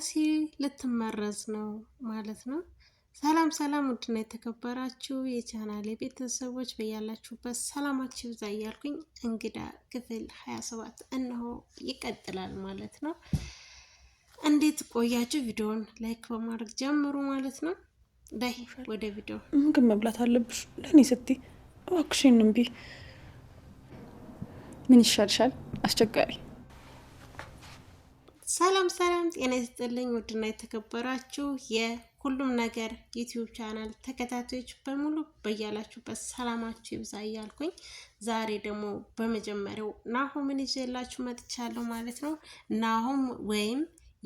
ዳሲ ልትመረዝ ነው ማለት ነው። ሰላም ሰላም፣ ውድና የተከበራችሁ የቻናሌ ቤተሰቦች በያላችሁበት ሰላማችሁ ይብዛ እያልኩኝ እንግዳ ክፍል ሀያ ሰባት እነሆ ይቀጥላል ማለት ነው። እንዴት ቆያችሁ? ቪዲዮውን ላይክ በማድረግ ጀምሩ ማለት ነው። ዳይ ወደ ቪዲዮ ምግብ መብላት አለብሽ ለእኔ ስቲ፣ እባክሽን እምቢ ምን ይሻልሻል? አስቸጋሪ ሰላም ሰላም፣ ጤና ይስጥልኝ ውድና የተከበራችሁ የሁሉም ነገር ዩቲዩብ ቻናል ተከታታዮች በሙሉ በያላችሁበት ሰላማችሁ ይብዛ እያልኩኝ ዛሬ ደግሞ በመጀመሪያው ናሆምን ይዤላችሁ መጥቻለሁ ማለት ነው። ናሆም ወይም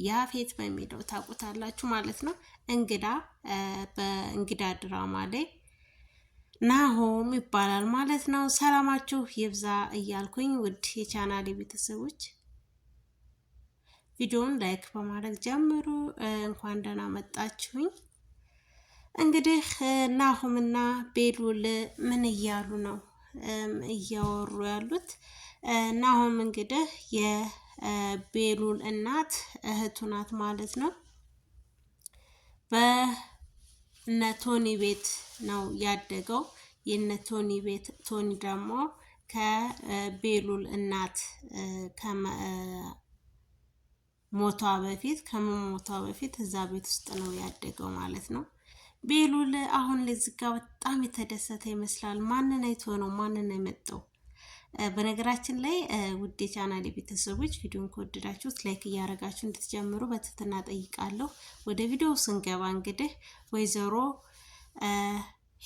ያፌት በሚለው ታውቁታላችሁ ማለት ነው። እንግዳ በእንግዳ ድራማ ላይ ናሆም ይባላል ማለት ነው። ሰላማችሁ ይብዛ እያልኩኝ ውድ የቻናል ቤተሰቦች ቪዲዮውን ላይክ በማድረግ ጀምሩ። እንኳን ደህና መጣችሁኝ። እንግዲህ ናሁምና ቤሉል ምን እያሉ ነው እያወሩ ያሉት? ናሁም እንግዲህ የቤሉል እናት እህቱ ናት ማለት ነው። በእነ ቶኒ ቤት ነው ያደገው። የእነ ቶኒ ቤት ቶኒ ደግሞ ከቤሉል እናት ሞቷ በፊት ከመሞቷ በፊት እዛ ቤት ውስጥ ነው ያደገው ማለት ነው። ቤሉል አሁን ለዚህ በጣም የተደሰተ ይመስላል። ማንን አይቶ ነው? ማንን የመጣው? በነገራችን ላይ ውድ የቻናል ቤተሰቦች ቪዲዮን ከወደዳችሁት ላይክ እያደረጋችሁ እንድትጀምሩ በትህትና ጠይቃለሁ። ወደ ቪዲዮው ስንገባ እንግዲህ ወይዘሮ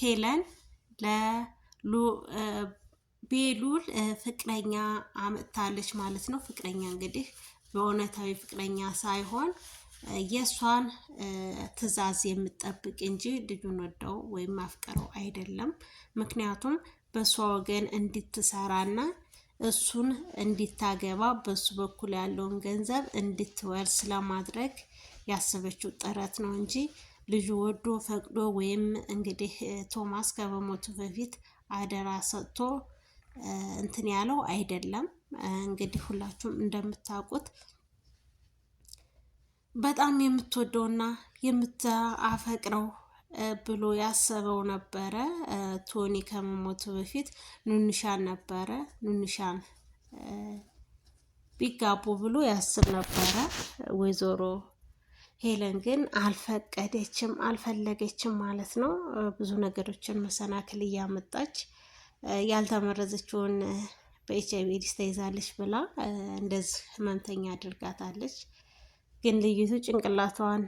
ሄለን ቤሉል ፍቅረኛ አመጥታለች ማለት ነው። ፍቅረኛ እንግዲህ በእውነታዊ ፍቅረኛ ሳይሆን የእሷን ትዕዛዝ የምጠብቅ እንጂ ልጁን ወደው ወይም አፍቀረው አይደለም። ምክንያቱም በእሷ ወገን እንድትሰራና እሱን እንዲታገባ በሱ በኩል ያለውን ገንዘብ እንድትወርስ ለማድረግ ያሰበችው ጥረት ነው እንጂ ልጁ ወዶ ፈቅዶ ወይም እንግዲህ ቶማስ ከበሞቱ በፊት አደራ ሰጥቶ እንትን ያለው አይደለም። እንግዲህ ሁላችሁም እንደምታውቁት በጣም የምትወደውና የምታፈቅረው ብሎ ያሰበው ነበረ ቶኒ ከመሞቱ በፊት ኑንሻን ነበረ ኑንሻን ቢጋቡ ብሎ ያስብ ነበረ። ወይዘሮ ሄለን ግን አልፈቀደችም፣ አልፈለገችም ማለት ነው። ብዙ ነገሮችን መሰናክል እያመጣች ያልተመረዘችውን በኤች አይቪ ኤድስ ተይዛለች ብላ እንደዚህ ህመምተኛ አድርጋታለች። ግን ልዩቱ ጭንቅላቷን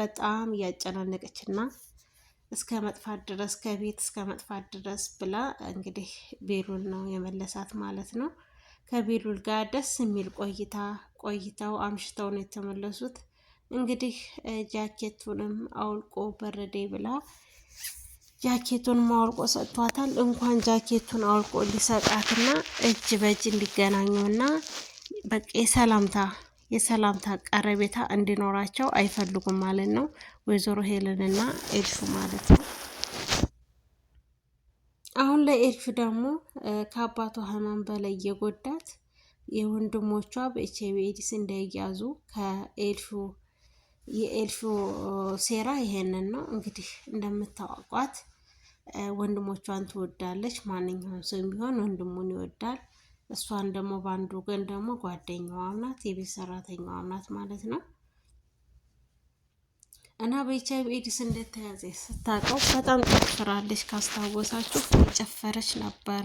በጣም እያጨናነቀች እና እስከ መጥፋት ድረስ ከቤት እስከ መጥፋት ድረስ ብላ እንግዲህ ቤሉል ነው የመለሳት ማለት ነው። ከቤሉል ጋር ደስ የሚል ቆይታ ቆይተው አምሽተው ነው የተመለሱት። እንግዲህ ጃኬቱንም አውልቆ በረዴ ብላ ጃኬቱን አውልቆ ሰጥቷታል። እንኳን ጃኬቱን አውልቆ ሊሰጣትና እጅ በእጅ እንዲገናኙና በቃ የሰላምታ የሰላምታ ቀረቤታ እንዲኖራቸው አይፈልጉም ማለት ነው። ወይዘሮ ሄለንና ኤልሹ ማለት ነው። አሁን ላይ ኤልፍ ደግሞ ከአባቷ ሕመም በላይ የጎዳት የወንድሞቿ በኤች አይ ኤድስ እንዳይያዙ ከኤልፍ የኤልሹ ሴራ ይሄንን ነው እንግዲህ እንደምታዋቋት ወንድሞቿን ትወዳለች። ማንኛውም ሰው ቢሆን ወንድሙን ይወዳል። እሷን ደግሞ በአንድ ወገን ደግሞ ጓደኛዋም ናት፣ የቤት ሰራተኛዋም ናት ማለት ነው። እና በኤች አይቪ ኤድስ እንደተያዘ ስታውቀው በጣም ጨፍራለች። ካስታወሳችሁ የጨፈረች ነበረ።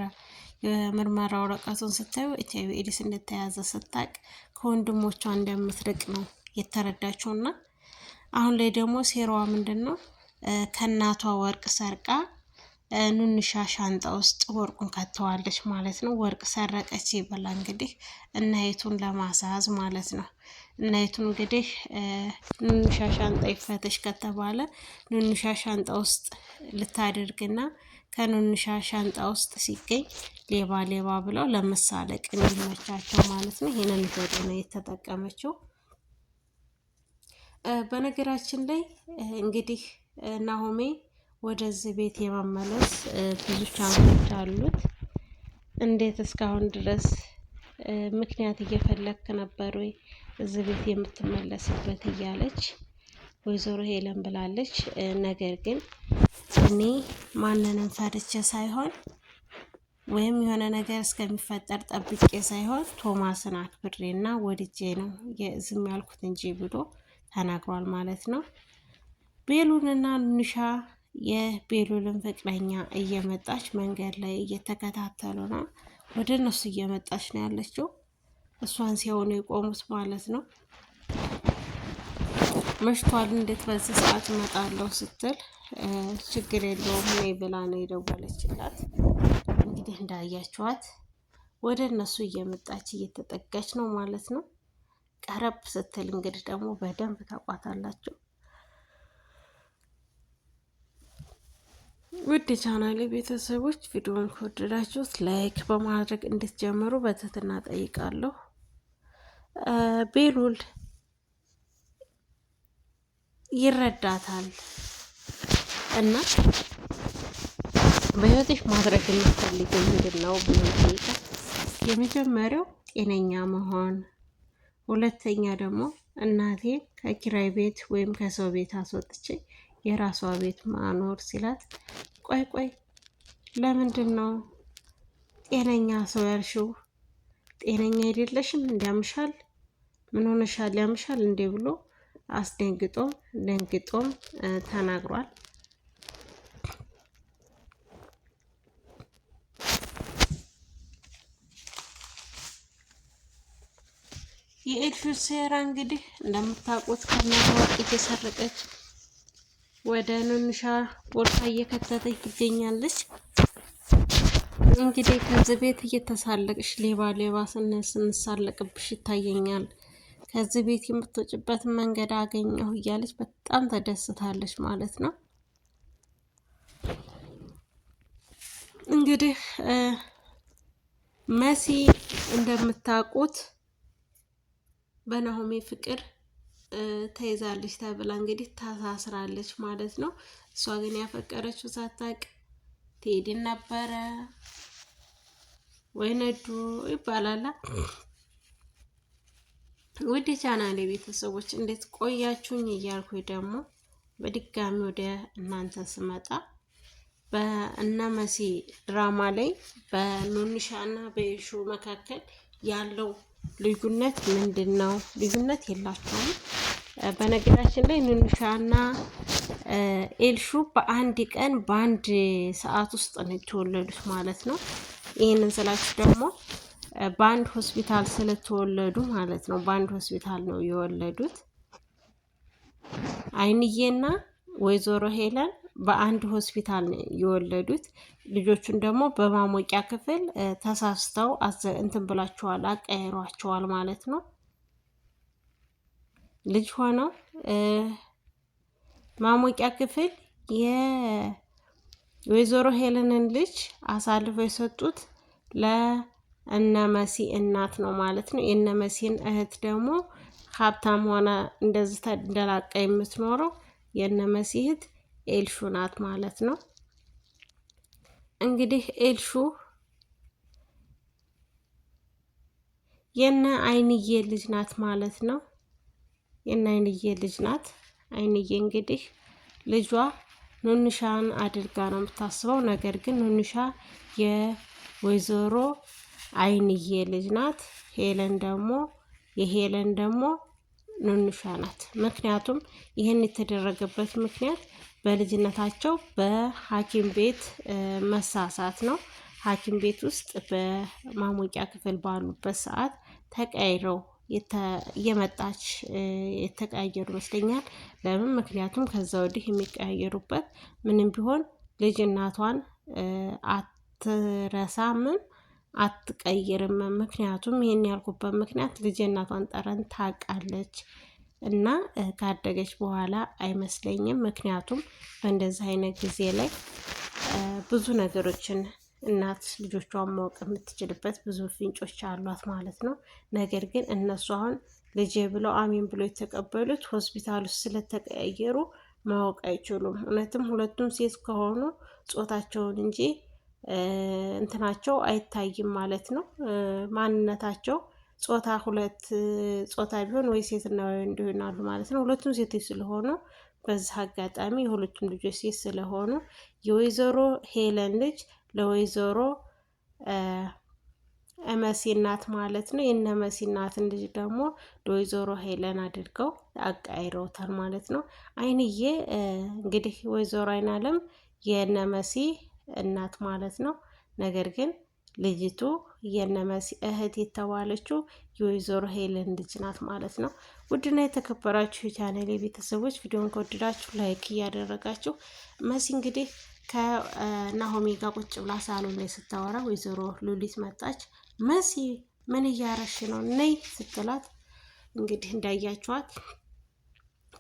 የምርመራ ወረቀቱን ስታዩ ኤች አይቪ ኤድስ እንደተያዘ ስታውቅ ከወንድሞቿ እንደምትርቅ ነው የተረዳችው። እና አሁን ላይ ደግሞ ሴራዋ ምንድን ነው? ከእናቷ ወርቅ ሰርቃ ኑንሻ ሻንጣ ውስጥ ወርቁን ከተዋለች ማለት ነው። ወርቅ ሰረቀች ይበላ እንግዲህ እናይቱን ለማሳዝ ማለት ነው። እናይቱን እንግዲህ ኑንሻ ሻንጣ ይፈተሽ ከተባለ ኑንሻ ሻንጣ ውስጥ ልታደርግና ከኑንሻ ሻንጣ ውስጥ ሲገኝ ሌባ ሌባ ብለው ለመሳለቅ እንዲመቻቸው ማለት ነው። ይህንን ዘዴ ነው የተጠቀመችው። በነገራችን ላይ እንግዲህ ናሆሜ ወደዚህ ቤት የመመለስ ብዙ ቻንሶች አሉት። እንዴት እስካሁን ድረስ ምክንያት እየፈለክ ነበር ወይ እዚህ ቤት የምትመለስበት? እያለች ወይዘሮ ሄለን ብላለች። ነገር ግን እኔ ማንንም ፈርቼ ሳይሆን ወይም የሆነ ነገር እስከሚፈጠር ጠብቄ ሳይሆን ቶማስን አክብሬና ወድጄ ነው ዝም ያልኩት እንጂ ብሎ ተናግሯል ማለት ነው። ቤሉንና ንሻ የቤሉልን ፍቅረኛ እየመጣች መንገድ ላይ እየተከታተሉ ነው። ወደ እነሱ እየመጣች ነው ያለችው። እሷን ሲሆኑ የቆሙት ማለት ነው። መሽቷል፣ እንዴት በዚህ ሰዓት እመጣለሁ ስትል ችግር የለውም ነይ ብላ ነው የደወለችላት። እንግዲህ እንዳያችኋት ወደ እነሱ እየመጣች እየተጠጋች ነው ማለት ነው። ቀረብ ስትል እንግዲህ ደግሞ በደንብ ታቋታላቸው። ውድ የቻናሌ ቤተሰቦች ቪዲዮን ከወደዳችሁት ላይክ በማድረግ እንድትጀምሩ በትህትና ጠይቃለሁ። ቤሉል ይረዳታል እና በህይወትሽ ማድረግ የምትፈልጊው ምንድን ነው ብሎ ይጠይቃል። የመጀመሪያው ጤነኛ መሆን፣ ሁለተኛ ደግሞ እናቴ ከኪራይ ቤት ወይም ከሰው ቤት አስወጥቼ የራሷ ቤት ማኖር ሲላት፣ ቆይ ቆይ ለምንድን ነው ጤነኛ ሰው ያልሽው? ጤነኛ አይደለሽም እንዲያምሻል ምን ሆነሻል ያምሻል እንዴ ብሎ አስደንግጦም ደንግጦም ተናግሯል። የኤልፊ ሴራ እንግዲህ እንደምታውቁት ከመዋቅ የሰረቀች ወደ መምሻ ቦርሳ እየከተተች ትገኛለች። እንግዲህ ከዚህ ቤት እየተሳለቅሽ ሌባ ሌባ ስንሳለቅብሽ ይታየኛል፣ ከዚህ ቤት የምትወጭበትን መንገድ አገኘሁ እያለች በጣም ተደስታለች ማለት ነው። እንግዲህ መሲ እንደምታውቁት በናሆሜ ፍቅር ተይዛለች ተብላ እንግዲህ ታሳስራለች ማለት ነው። እሷ ግን ያፈቀረችው ሳታቅ ትሄድ ነበረ። ወይ ነዱ ይባላላ። ውድ ቻናሌ ቤተሰቦች እንዴት ቆያችሁኝ? እያልኩ ደግሞ በድጋሚ ወደ እናንተ ስመጣ በእነመሲ ድራማ ላይ በኑንሻ እና በየሹ መካከል ያለው ልዩነት ምንድን ነው? ልዩነት የላቸውም። በነገራችን ላይ ኑኑሻና ኤልሹ በአንድ ቀን በአንድ ሰዓት ውስጥ ነው የተወለዱት ማለት ነው። ይህንን ስላችሁ ደግሞ በአንድ ሆስፒታል ስለተወለዱ ማለት ነው። በአንድ ሆስፒታል ነው የወለዱት አይንዬና ወይዘሮ ሄለን በአንድ ሆስፒታል የወለዱት ልጆቹን ደግሞ በማሞቂያ ክፍል ተሳስተው እንትን ብላቸዋል፣ አቀያይሯቸዋል ማለት ነው። ልጅ ሆነው ማሞቂያ ክፍል የወይዘሮ ሄለንን ልጅ አሳልፈው የሰጡት ለእነመሲ እናት ነው ማለት ነው። የእነመሲን እህት ደግሞ ሀብታም ሆነ እንደዚህ እንደላቀ የምትኖረው የእነመሲ እህት ኤልሹ ናት ማለት ነው። እንግዲህ ኤልሹ የነ አይንዬ ልጅ ናት ማለት ነው። የነ አይንዬ ልጅ ናት። አይንዬ እንግዲህ ልጇ ኑንሻን አድርጋ ነው የምታስበው። ነገር ግን ኑንሻ የወይዘሮ አይንዬ ልጅ ናት። ሄለን ደግሞ የሄለን ደግሞ ኑንሻ ናት። ምክንያቱም ይህን የተደረገበት ምክንያት በልጅነታቸው በሐኪም ቤት መሳሳት ነው። ሐኪም ቤት ውስጥ በማሞቂያ ክፍል ባሉበት ሰዓት ተቀይረው የመጣች የተቀያየሩ ይመስለኛል። ለምን? ምክንያቱም ከዛ ወዲህ የሚቀያየሩበት ምንም ቢሆን ልጅ እናቷን አትረሳምም አትቀይርም። ምክንያቱም ይህን ያልኩበት ምክንያት ልጄ እናቷን ጠረን ታውቃለች እና ካደገች በኋላ አይመስለኝም። ምክንያቱም በእንደዚህ አይነት ጊዜ ላይ ብዙ ነገሮችን እናት ልጆቿን ማወቅ የምትችልበት ብዙ ፍንጮች አሏት ማለት ነው። ነገር ግን እነሱ አሁን ልጄ ብለው አሜን ብለው የተቀበሉት ሆስፒታል ውስጥ ስለተቀያየሩ ማወቅ አይችሉም። እውነትም ሁለቱም ሴት ከሆኑ ጾታቸውን እንጂ እንትናቸው አይታይም ማለት ነው። ማንነታቸው ጾታ ሁለት ጾታ ቢሆን ወይ ሴትና ወይ ወንድ ይሆናሉ ማለት ነው። ሁለቱም ሴቶች ስለሆኑ በዚህ አጋጣሚ የሁለቱም ልጆች ሴት ስለሆኑ የወይዘሮ ሄለን ልጅ ለወይዘሮ መሲ እናት ማለት ነው። የእነ መሲ እናትን ልጅ ደግሞ ለወይዘሮ ሄለን አድርገው አቃይረውታል ማለት ነው። አይንዬ እንግዲህ ወይዘሮ አይናለም የነ መሲ እናት ማለት ነው። ነገር ግን ልጅቱ የነመሲ እህት የተባለችው የወይዘሮ ሄለን ልጅ ናት ማለት ነው። ውድና የተከበራችሁ የቻናሌ ቤተሰቦች ቪዲዮን ከወደዳችሁ ላይክ እያደረጋችሁ መሲ እንግዲህ ከናሆሚ ጋር ቁጭ ብላ ሳሎን ላይ ስታወራ ወይዘሮ ሉሊት መጣች። መሲ ምን እያረሽ ነው? ነይ ስትላት እንግዲህ እንዳያችኋት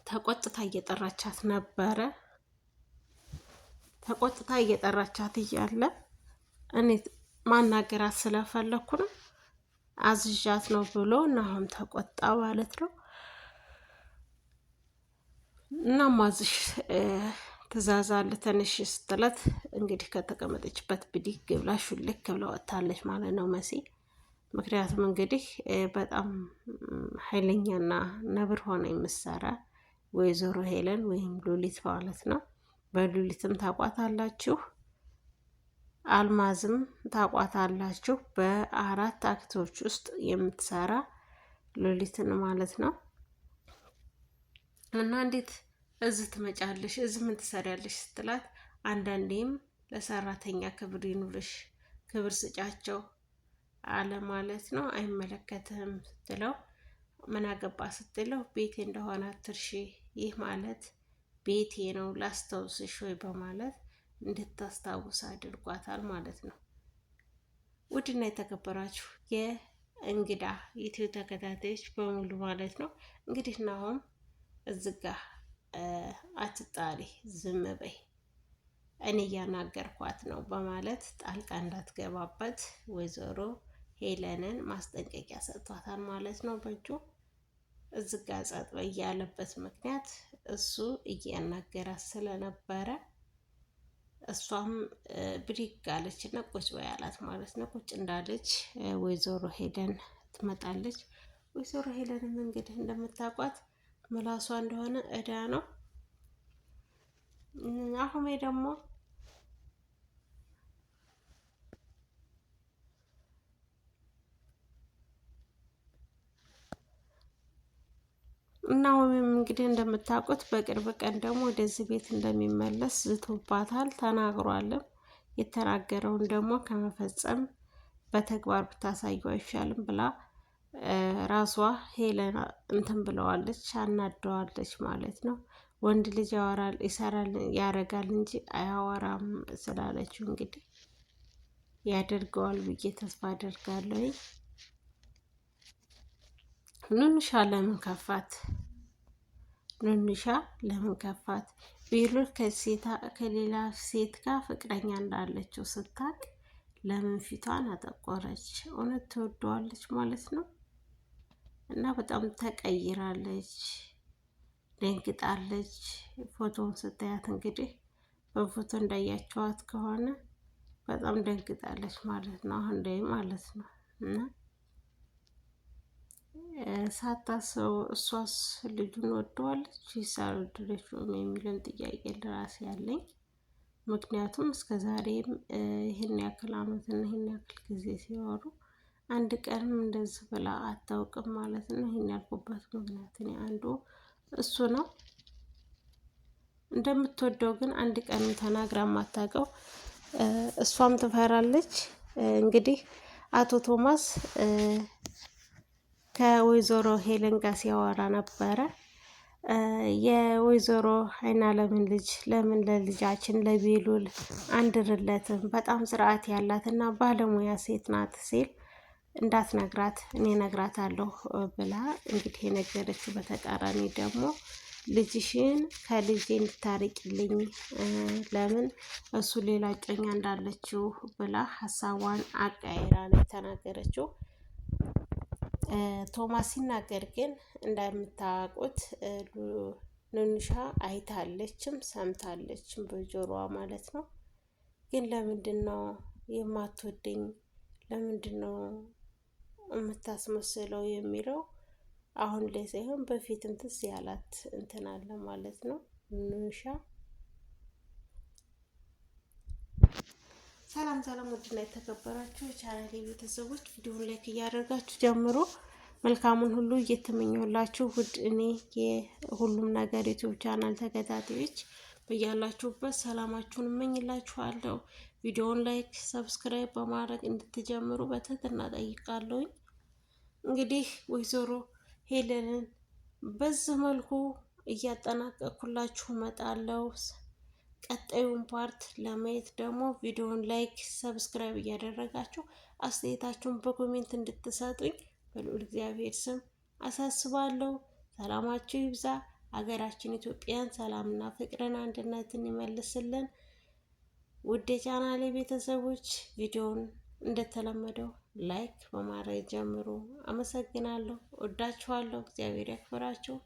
ተቆጥታ እየጠራቻት ነበረ። ተቆጥታ እየጠራቻት እያለ እኔ ማናገራት ስለፈለኩ ነው አዝዣት ነው ብሎ ናሆም ተቆጣ ማለት ነው። እና ማዝሽ ትእዛዝ አለ ትንሽ ስትለት እንግዲህ ከተቀመጠችበት ብድግ ብላ ሹልክ ብላ ወጥታለች ማለት ነው መሲ። ምክንያቱም እንግዲህ በጣም ኃይለኛና ነብር ሆነ የምትሰራ ወይዘሮ ሄለን ወይም ሉሊት ማለት ነው። በሉሊትም ታቋታላችሁ፣ አልማዝም ታቋታላችሁ። በአራት አክቶች ውስጥ የምትሰራ ሉሊትን ማለት ነው። እና እንዴት እዚህ ትመጫለሽ? እዚህ ምን ትሰሪያለሽ? ስትላት አንዳንዴም ለሰራተኛ ክብር ይኑርሽ፣ ክብር ስጫቸው አለ ማለት ነው። አይመለከትህም ስትለው ምን አገባ ስትለው ቤቴ እንደሆነ አትርሺ። ይህ ማለት ቤቴ ነው ላስታውስሽ ወይ በማለት እንድታስታውስ አድርጓታል ማለት ነው። ውድና የተከበራችሁ የእንግዳ ኢትዮ ተከታታዮች በሙሉ ማለት ነው እንግዲህ ናሆም እዝጋ አትጣሪ፣ ዝም በይ፣ እኔ እያናገርኳት ነው በማለት ጣልቃ እንዳትገባበት ወይዘሮ ሄለንን ማስጠንቀቂያ ሰጥቷታል ማለት ነው በእጁ እዝጋ ጸጥ በይ ያለበት ምክንያት እሱ እያናገራት ስለነበረ እሷም ብድግ አለች እና ቁጭ በይ አላት ማለት ነው። ቁጭ እንዳለች ወይዘሮ ሄደን ትመጣለች። ወይዘሮ ሄለንም እንግዲህ እንደምታውቋት ምላሷ እንደሆነ እዳ ነው። አሁሜ ደግሞ ናሆምም እንግዲህ እንደምታውቁት በቅርብ ቀን ደግሞ ወደዚህ ቤት እንደሚመለስ ዝቶባታል ተናግሯልም። የተናገረውን ደግሞ ከመፈጸም በተግባር ብታሳዩ አይሻልም ብላ ራሷ ሄለን እንትን ብለዋለች፣ አናደዋለች ማለት ነው። ወንድ ልጅ ያወራል፣ ይሰራል፣ ያረጋል እንጂ አያወራም ስላለችው እንግዲህ ያደርገዋል ብዬ ተስፋ አደርጋለሁ። ኑንሻ ለምን ከፋት? ኑንሻ ለምን ከፋት? ቤሉል ከሌላ ሴት ጋር ፍቅረኛ እንዳለችው ስታቅ ለምን ፊቷን አጠቆረች? እውነት ትወደዋለች ማለት ነው። እና በጣም ተቀይራለች፣ ደንግጣለች። ፎቶውን ስታያት እንግዲህ በፎቶ እንዳያቸዋት ከሆነ በጣም ደንግጣለች ማለት ነው። አሁን ላይ ማለት ነው እና ሳታስበው እሷስ ልጁን ወደዋለች ወይስ አልወደደችውም ጥያቄ ለራሴ ያለኝ። ምክንያቱም እስከ ዛሬም ይህን ያክል አመትና ይህን ያክል ጊዜ ሲኖሩ አንድ ቀንም እንደዚህ ብላ አታውቅም ማለት ነው። ይህን ያልኩበት ምክንያት እኔ አንዱ እሱ ነው። እንደምትወደው ግን አንድ ቀን ተናግራ ማታውቀው እሷም ትፈራለች። እንግዲህ አቶ ቶማስ ከወይዘሮ ሄለን ጋር ሲያወራ ነበረ። የወይዘሮ አይናለምን ልጅ ለምን ለልጃችን ለቤሉል አንድርለትም? በጣም ስርዓት ያላት እና ባለሙያ ሴት ናት ሲል እንዳትነግራት እኔ ነግራታለሁ ብላ እንግዲህ የነገረችው በተቃራኒ ደግሞ ልጅሽን ከልጄ እንድታርቂልኝ ለምን እሱ ሌላ ጮኛ እንዳለችው ብላ ሀሳቧን አቃይራ ነው የተናገረችው። ቶማስ ሲናገር ግን እንደምታውቁት ኑንሻ አይታለችም ሰምታለችም በጆሮዋ ማለት ነው። ግን ለምንድን ነው የማትወደኝ ለምንድን ነው የምታስመስለው የሚለው አሁን ላይ ሳይሆን በፊትም ትዝ ያላት እንትን አለ ማለት ነው ኑንሻ ሰላም ሰላም፣ ውድና የተከበራችሁ የቻናሌ ቤተሰቦች ቪዲዮውን ላይክ እያደረጋችሁ ጀምሮ መልካሙን ሁሉ እየተመኘሁላችሁ ውድ እኔ የሁሉም ነገር ዩቱብ ቻናል ተከታታዮች በያላችሁበት ሰላማችሁን እመኝላችኋለሁ። ቪዲዮውን ላይክ፣ ሰብስክራይብ በማድረግ እንድትጀምሩ በትህትና ጠይቃለሁኝ። እንግዲህ ወይዘሮ ሄለንን በዚህ መልኩ እያጠናቀኩላችሁ እመጣለሁ። ቀጣዩን ፓርት ለማየት ደግሞ ቪዲዮውን ላይክ፣ ሰብስክራይብ እያደረጋችሁ አስተያየታችሁን በኮሜንት እንድትሰጡኝ በልዑል እግዚአብሔር ስም አሳስባለሁ። ሰላማችሁ ይብዛ። ሀገራችን ኢትዮጵያን ሰላምና ፍቅርን አንድነትን ይመልስልን። ውድ የቻናሌ ቤተሰቦች ቪዲዮውን እንደተለመደው ላይክ በማድረግ ጀምሩ። አመሰግናለሁ። ወዳችኋለሁ። እግዚአብሔር ያክብራችሁ።